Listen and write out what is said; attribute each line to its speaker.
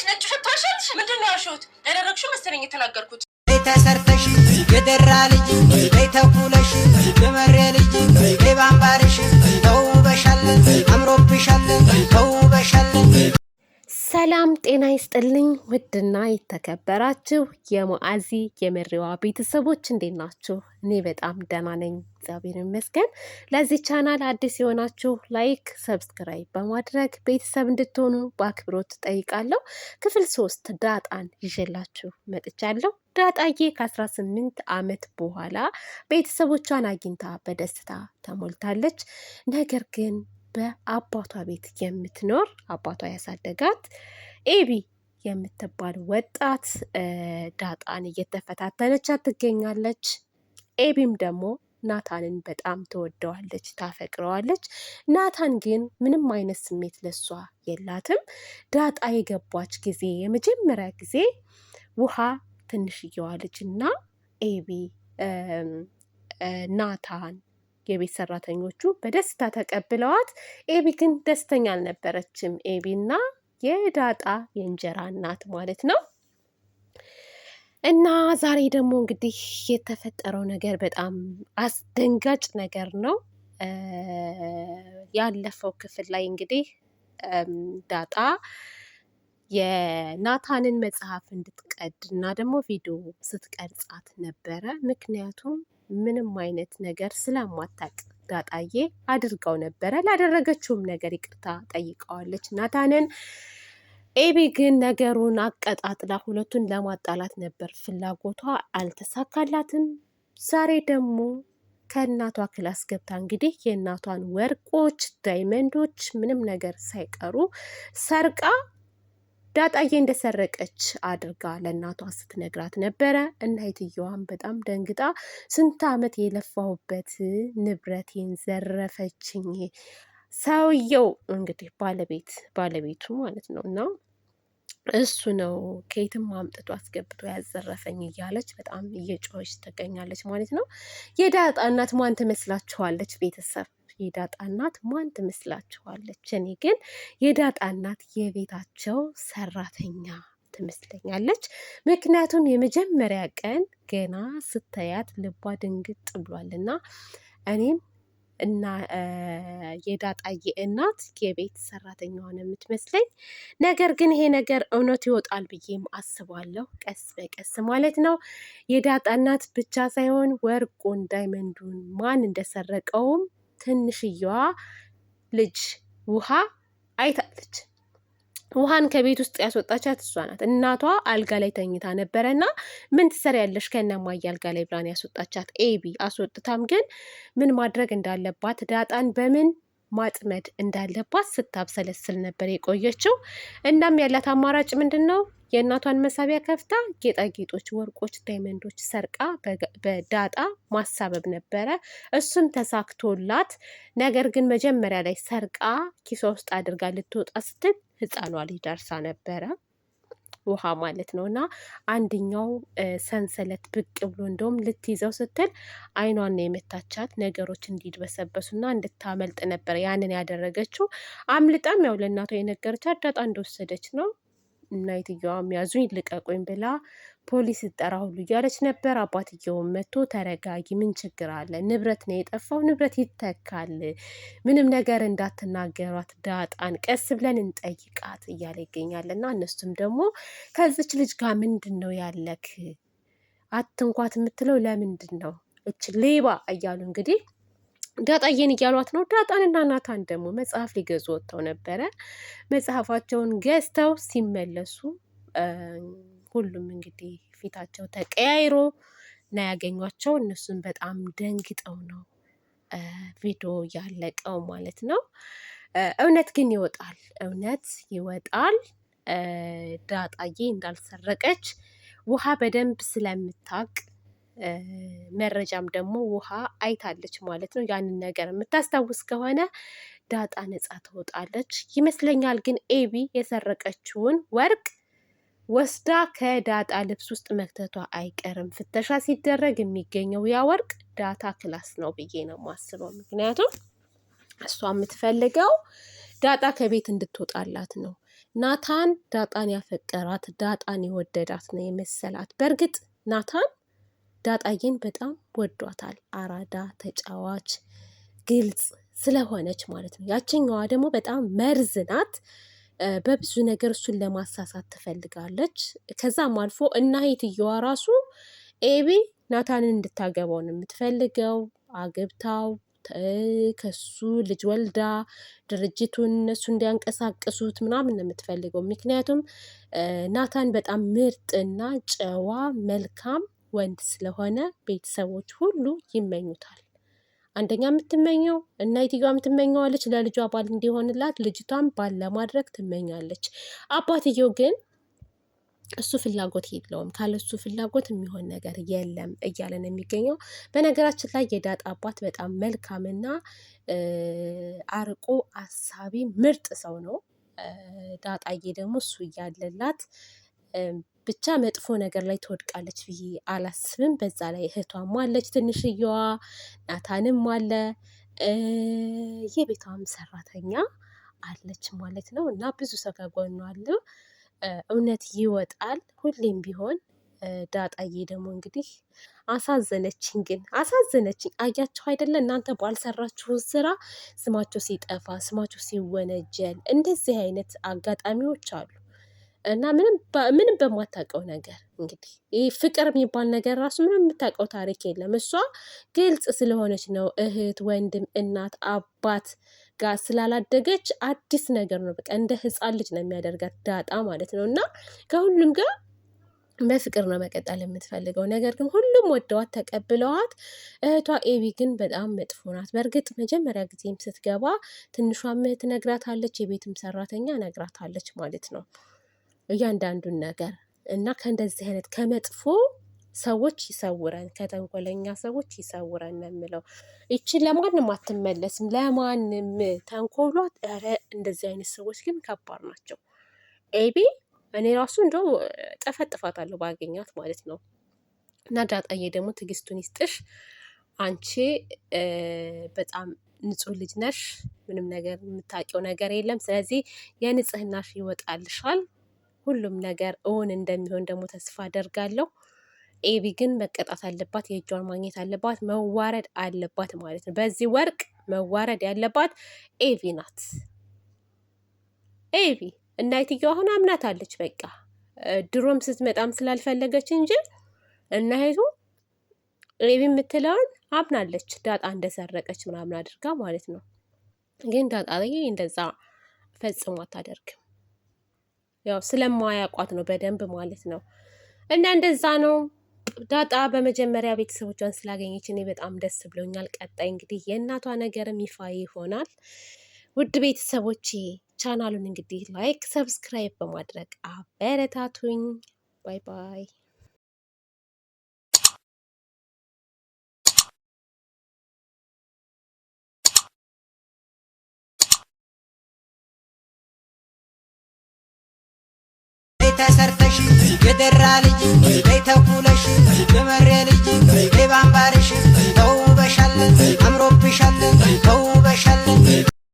Speaker 1: ብለሽ ነጭ ሽቶ አሸትሽ። ምንድን ነው ያልሽሁት? ያደረግሽው መሰለኝ የተናገርኩት።
Speaker 2: ተሰርተሽ የደራ ልጅ ተኩለሽ የመሬ ልጅ ባንባርሽ ተውበሻለን፣ አምሮብሻለን ተው
Speaker 3: ሰላም ጤና ይስጥልኝ። ውድና የተከበራችሁ የማዓዚ የመሪዋ ቤተሰቦች እንዴት ናችሁ? እኔ በጣም ደህና ነኝ፣ እግዚአብሔር ይመስገን። ለዚህ ቻናል አዲስ የሆናችሁ ላይክ፣ ሰብስክራይብ በማድረግ ቤተሰብ እንድትሆኑ በአክብሮት ጠይቃለሁ። ክፍል ሶስት ዳጣን ይዤላችሁ መጥቻለሁ። ዳጣዬ ከ18 ዓመት በኋላ ቤተሰቦቿን አግኝታ በደስታ ተሞልታለች። ነገር ግን በአባቷ ቤት የምትኖር አባቷ ያሳደጋት ኤቢ የምትባል ወጣት ዳጣን እየተፈታተነቻት ትገኛለች። ኤቢም ደግሞ ናታንን በጣም ትወደዋለች፣ ታፈቅረዋለች። ናታን ግን ምንም አይነት ስሜት ለሷ የላትም። ዳጣ የገባች ጊዜ የመጀመሪያ ጊዜ ውሃ ትንሽየዋ እየዋለች እና ኤቢ ናታን የቤት ሰራተኞቹ በደስታ ተቀብለዋት፣ ኤቢ ግን ደስተኛ አልነበረችም። ኤቢና የዳጣ የእንጀራ እናት ማለት ነው። እና ዛሬ ደግሞ እንግዲህ የተፈጠረው ነገር በጣም አስደንጋጭ ነገር ነው። ያለፈው ክፍል ላይ እንግዲህ ዳጣ የናታንን መጽሐፍ እንድትቀድ እና ደግሞ ቪዲዮ ስትቀርጻት ነበረ ምክንያቱም ምንም አይነት ነገር ስለማታቅ ዳጣዬ አድርጋው ነበረ። ላደረገችውም ነገር ይቅርታ ጠይቀዋለች ናታንን። ኤቢ ግን ነገሩን አቀጣጥላ ሁለቱን ለማጣላት ነበር ፍላጎቷ፣ አልተሳካላትም። ዛሬ ደግሞ ከእናቷ ክላስ ገብታ እንግዲህ የእናቷን ወርቆች፣ ዳይመንዶች ምንም ነገር ሳይቀሩ ሰርቃ ዳጣዬ እንደሰረቀች አድርጋ ለእናቷ ስትነግራት ነበረ እና በጣም ደንግጣ ስንት ዓመት የለፋሁበት ንብረቴን ዘረፈችኝ። ሰውየው እንግዲህ ባለቤት ባለቤቱ ማለት ነው እና እሱ ነው ከየትም አምጥቶ አስገብቶ ያዘረፈኝ እያለች በጣም እየጮኸች ትገኛለች ማለት ነው። የዳጣ እናት ማን ትመስላችኋለች ቤተሰብ? የዳጣ እናት ማን ትመስላችኋለች? እኔ ግን የዳጣ እናት የቤታቸው ሰራተኛ ትመስለኛለች። ምክንያቱም የመጀመሪያ ቀን ገና ስታያት ልቧ ድንግጥ ብሏልና እኔም እና የዳጣዬ እናት የቤት ሰራተኛ የምትመስለኝ። ነገር ግን ይሄ ነገር እውነት ይወጣል ብዬም አስባለሁ፣ ቀስ በቀስ ማለት ነው። የዳጣ እናት ብቻ ሳይሆን ወርቁን፣ ዳይመንዱን ማን እንደሰረቀውም ትንሽየዋ ልጅ ውሃ አይታለች። ውሃን ከቤት ውስጥ ያስወጣቻት እሷ ናት። እናቷ አልጋ ላይ ተኝታ ነበረና ምን ትሰሪያለሽ ከነማዬ አልጋ ላይ ብላን ያስወጣቻት ኤቢ። አስወጥታም ግን ምን ማድረግ እንዳለባት ዳጣን በምን ማጥመድ እንዳለባት ስታብሰለስል ነበር የቆየችው። እናም ያላት አማራጭ ምንድን ነው? የእናቷን መሳቢያ ከፍታ ጌጣጌጦች፣ ወርቆች፣ ዳይመንዶች ሰርቃ በዳጣ ማሳበብ ነበረ። እሱም ተሳክቶላት፣ ነገር ግን መጀመሪያ ላይ ሰርቃ ኪሷ ውስጥ አድርጋ ልትወጣ ስትል ሕፃኗ ልጅ ደርሳ ነበረ። ውሃ ማለት ነው። እና አንደኛው ሰንሰለት ብቅ ብሎ እንደውም ልትይዘው ስትል አይኗን ነው የመታቻት። ነገሮች እንዲድበሰበሱና እንድታመልጥ ነበር ያንን ያደረገችው። አምልጣም ያው ለእናቷ የነገረች ዳጣ እንደወሰደች ነው። እና የትየዋም ያዙኝ ልቀቁኝ ብላ ፖሊስ ይጠራ ሁሉ እያለች ነበር። አባትየውም መጥቶ ተረጋጊ፣ ምን ችግር አለ? ንብረት ነው የጠፋው፣ ንብረት ይተካል። ምንም ነገር እንዳትናገሯት ዳጣን፣ ቀስ ብለን እንጠይቃት እያለ ይገኛል። እና እነሱም ደግሞ ከዚች ልጅ ጋር ምንድን ነው ያለክ? አትንኳት የምትለው ለምንድን ነው? እች ሌባ እያሉ እንግዲህ ዳጣዬን እያሏት ነው። ዳጣንና ናታን ደግሞ መጽሐፍ ሊገዙ ወጥተው ነበረ። መጽሐፋቸውን ገዝተው ሲመለሱ ሁሉም እንግዲህ ፊታቸው ተቀያይሮ ነው ያገኟቸው። እነሱን በጣም ደንግጠው ነው ቪዲዮ ያለቀው ማለት ነው። እውነት ግን ይወጣል፣ እውነት ይወጣል። ዳጣዬ እንዳልሰረቀች ውሃ በደንብ ስለምታቅ መረጃም ደግሞ ውሃ አይታለች ማለት ነው። ያንን ነገር የምታስታውስ ከሆነ ዳጣ ነጻ ትወጣለች ይመስለኛል። ግን ኤቢ የሰረቀችውን ወርቅ ወስዳ ከዳጣ ልብስ ውስጥ መክተቷ አይቀርም። ፍተሻ ሲደረግ የሚገኘው ያ ወርቅ ዳታ ክላስ ነው ብዬ ነው የማስበው። ምክንያቱም እሷ የምትፈልገው ዳጣ ከቤት እንድትወጣላት ነው። ናታን ዳጣን ያፈቀራት ዳጣን የወደዳት ነው የመሰላት። በእርግጥ ናታን ዳጣዬን በጣም ወዷታል። አራዳ፣ ተጫዋች፣ ግልጽ ስለሆነች ማለት ነው። ያችኛዋ ደግሞ በጣም መርዝ ናት። በብዙ ነገር እሱን ለማሳሳት ትፈልጋለች። ከዛም አልፎ ሄትየዋ ራሱ ኤቢ ናታንን እንድታገባው ነው የምትፈልገው። አግብታው ከሱ ልጅ ወልዳ ድርጅቱን እነሱ እንዲያንቀሳቅሱት ምናምን ነው የምትፈልገው። ምክንያቱም ናታን በጣም ምርጥና ጨዋ መልካም ወንድ ስለሆነ ቤተሰቦች ሁሉ ይመኙታል። አንደኛ የምትመኘው እና የምትመኘዋለች ለልጇ ባል እንዲሆንላት ልጅቷን ባል ለማድረግ ትመኛለች። አባትየው ግን እሱ ፍላጎት የለውም። ካለሱ ፍላጎት የሚሆን ነገር የለም እያለ ነው የሚገኘው። በነገራችን ላይ የዳጣ አባት በጣም መልካምና አርቆ አሳቢ ምርጥ ሰው ነው። ዳጣዬ ደግሞ እሱ እያለላት ብቻ መጥፎ ነገር ላይ ትወድቃለች ብዬ አላስብም። በዛ ላይ እህቷም አለች ትንሽየዋ፣ ናታንም አለ፣ የቤቷም ሰራተኛ አለች ማለት ነው። እና ብዙ ሰው ከጎኗ አለ። እውነት ይወጣል ሁሌም ቢሆን ዳጣዬ ደግሞ እንግዲህ አሳዘነችኝ። ግን አሳዘነችኝ። አያቸው አይደለ እናንተ ባልሰራችሁት ስራ ስማቸው ሲጠፋ፣ ስማቸው ሲወነጀል፣ እንደዚህ አይነት አጋጣሚዎች አሉ። እና ምንም በማታውቀው ነገር እንግዲህ ይህ ፍቅር የሚባል ነገር ራሱ ምንም የምታውቀው ታሪክ የለም። እሷ ግልጽ ስለሆነች ነው እህት፣ ወንድም፣ እናት፣ አባት ጋር ስላላደገች አዲስ ነገር ነው። በቃ እንደ ህፃን ልጅ ነው የሚያደርጋት ዳጣ ማለት ነው እና ከሁሉም ጋር በፍቅር ነው መቀጠል የምትፈልገው። ነገር ግን ሁሉም ወደዋት ተቀብለዋት። እህቷ ኤቢ ግን በጣም መጥፎ ናት። በእርግጥ መጀመሪያ ጊዜም ስትገባ ትንሿ እህት ነግራታለች፣ የቤትም ሰራተኛ ነግራታለች ማለት ነው። እያንዳንዱን ነገር እና ከእንደዚህ አይነት ከመጥፎ ሰዎች ይሰውረን፣ ከተንኮለኛ ሰዎች ይሰውረን ነው የምለው። ይችን ለማንም አትመለስም፣ ለማንም ተንኮሏት ኧረ እንደዚህ አይነት ሰዎች ግን ከባድ ናቸው። ኤቢ እኔ ራሱ እንደው ጠፈጥፋታለሁ ባገኛት ማለት ነው። እና ዳጣዬ ደግሞ ትዕግስቱን ይስጥሽ። አንቺ በጣም ንጹህ ልጅ ነሽ። ምንም ነገር የምታውቂው ነገር የለም። ስለዚህ የንጽህናሽ ይወጣልሻል። ሁሉም ነገር እውን እንደሚሆን ደግሞ ተስፋ አደርጋለሁ። ኤቢ ግን መቀጣት አለባት፣ የእጇን ማግኘት አለባት፣ መዋረድ አለባት ማለት ነው። በዚህ ወርቅ መዋረድ ያለባት ኤቢ ናት። ኤቢ እናይትየዋ አሁን አምናታለች። በቃ ድሮም ስትመጣም ስላልፈለገች እንጂ እናይቱ ኤቢ የምትለውን አምናለች። ዳጣ እንደሰረቀች ምናምን አድርጋ ማለት ነው። ግን ዳጣ ላይ እንደዛ ፈጽሞ አታደርግም። ያው ስለማያውቋት ነው በደንብ ማለት ነው። እና እንደዛ ነው። ዳጣ በመጀመሪያ ቤተሰቦቿን ስላገኘች እኔ በጣም ደስ ብሎኛል። ቀጣይ እንግዲህ የእናቷ ነገርም ይፋ ይሆናል። ውድ ቤተሰቦች ቻናሉን እንግዲህ ላይክ፣ ሰብስክራይብ በማድረግ አበረታቱኝ። ባይ ባይ። ተሰርተሽ የደራ ልጅ በይ የመሬ ልጅ በይ ባምባርሽ ተውበሻለን አምሮብሻለን ተው